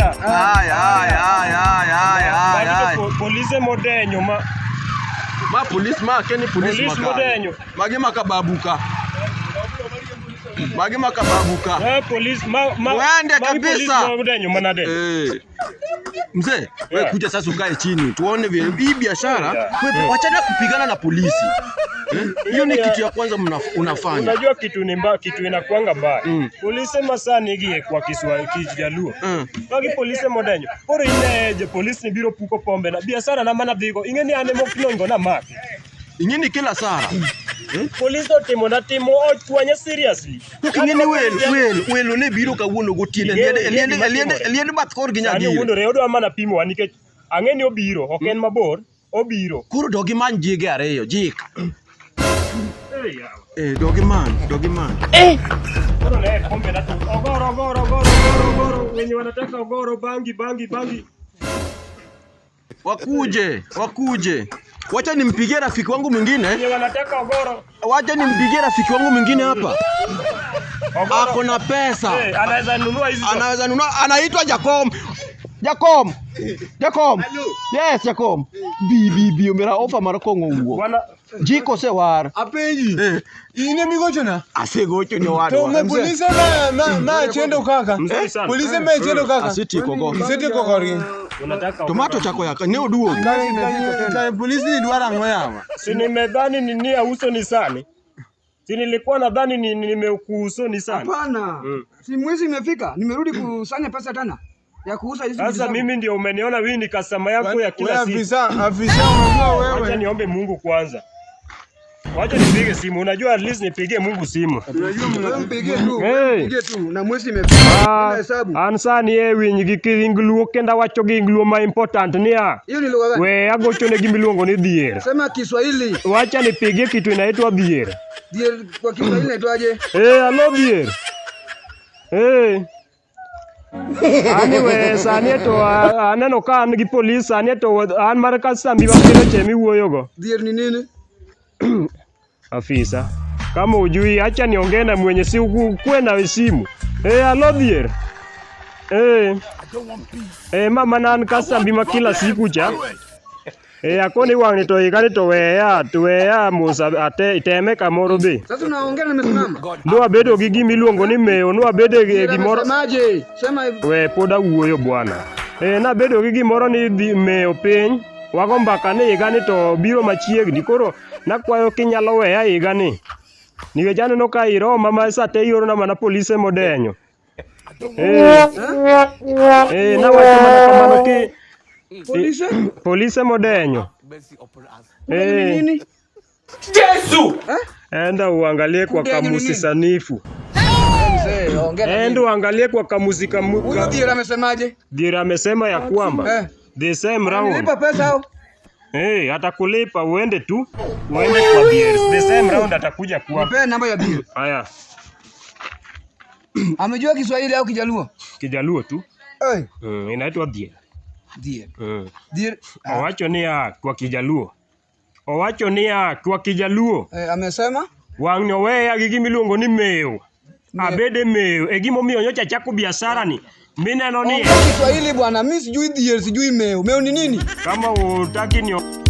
Haya haya haya haya haya. Polise mode nyuma. Ma police ma keni police ma. Police mode nyo. Magi makababuka. Magi makababuka. Eh police ma ma. Waende kabisa. Police mode nyuma na de. Eh. Mzee, wewe eh. kuja sasa ukae chini tuone vile hii biashara, wewe oh, eh. achana kupigana na polisi. hiyo ni kitu ya kwanza unafanya. Unajua kitu ni mbaya, kitu inakuanga mbaya. Ulisema mm. saa nigie kwa Kiswahili kijaluo. Mm. Bagi polisi modenyo. Pori ineje polisi ni biro puko pombe na biashara na mana vigo. Ingeni ane mokilongo na maki. Ingeni kila saa. Mm. Polisi otimo na timo otuanya seriously. Kukingeni wenu, wenu, wenu ne biro kawuno gotiene. Eliende bath kor ginyagiri. Sani uundore, odo amana pimo wanike. Ang'e ni obiro, ok en mabor, obiro. Kuro dogi many jige ariyo, jika. Eh, doggy man, doggy man. Eh. Ogoro, ogoro, ogoro, ogoro, wenye wanataka ogoro bangi bangi bangi. Wakuje, wakuje. Wacha nimpigie rafiki wangu mwingine. Wenye wanataka ogoro. Wacha nimpigie rafiki wangu mwingine hapa. Ako na pesa. Eh, anaweza nunua hizo. Anaweza nunua, anaitwa Jacob. Jakom. Jakom. Yes, Jakom. Bi bi bi omera ofa mar kong'o owuok. Jiko se war. Apeji. Eh. Ine mi gocho na. Ase gocho ni wadwa. To me police na na mm. na chendo kaka. Eh. Police me chendo kaka. Asetieko go. Asetieko korgi. Tomato chako yaka ne oduogo. Kae police ni dwara ang'o yawa. Si nimedhani nini auso ni sani. Si nilikuwa nadhani nimekuusoni sana. Hapana. Mm. Si mwezi imefika, nimerudi kusanya pesa tena ya kuuza hizo sasa. Mimi ndio umeniona wewe ni customer yako ya kila siku. Afisa, afisa ah, unajua wewe. Acha niombe Mungu kwanza. Wacha nipige simu. Unajua at least nipigie Mungu simu. Unajua mnampigie tu. tu. Na mwezi imefika. Ah, hesabu. ingluo kenda wacho gingluo ma important nia. Hiyo ni lugha gani? ni dhier. Sema Kiswahili. Wacha nipigie kitu inaitwa dhier. Dhier kwa Kiswahili inaitwaje? Eh, alo dhier. Eh. anyway, sani to uh, aneno ka an gi polis sani to uh, an mar kastambi makelo che miwuoyo go. Dhier ni nini? Afisa. Kama ujui acha niongena mwenye si kwenda simu. Eh, alo dhier. Eh. Eh, mama nan kastambi makila siku cha. Anyway. E eh, ako ni wang ni to igani to weya to weya Musa ate iteme kamoro be. Sasa unaongea na nimesimama. Ndio abedo gi gimi luongo ni meo ndio abedo gi gimoro. Semaje? Sema we poda uoyo bwana. E na abedo gi gimoro ni di meo piny. Wago mbaka ni igani to biro machiegni koro nakwayo kinyalo weya igani. Niwe jana no ka iroma ma sate yoro na mana polise modenyo. Eh, eh, na wacha mana kamano ki, Polise? Mm. Polise Modenyo. Hey. Eh. Nini? Yesu! Eh? Enda uangalie kwa kamusi sanifu. Enda uangalie kwa kamusi kamu. Huyo Dira amesemaje? Dira amesema ya kwamba eh, the same round. Nilipa pesa au? Eh, atakulipa uende tu. Uende kwa Dira. The same round atakuja kwa. Nipe namba ya Dira. Haya. Amejua Kiswahili au Kijaluo? Kijaluo tu. Eh. Hey. Mm, inaitwa Dira. Dhier. Mm. Dhier. Uh, owacho ni ya kwa Kijaluo. Owacho ni ya kwa Kijaluo. Eh, amesema wang'ni oweya gi gimiluongo ni mewo. Abede mewo e gimomiyo nyocha chako biashara ni mineno ni Kiswahili bwana, mimi sijui dhier, sijui mewo. Mewo ni nini? Kama utaki ni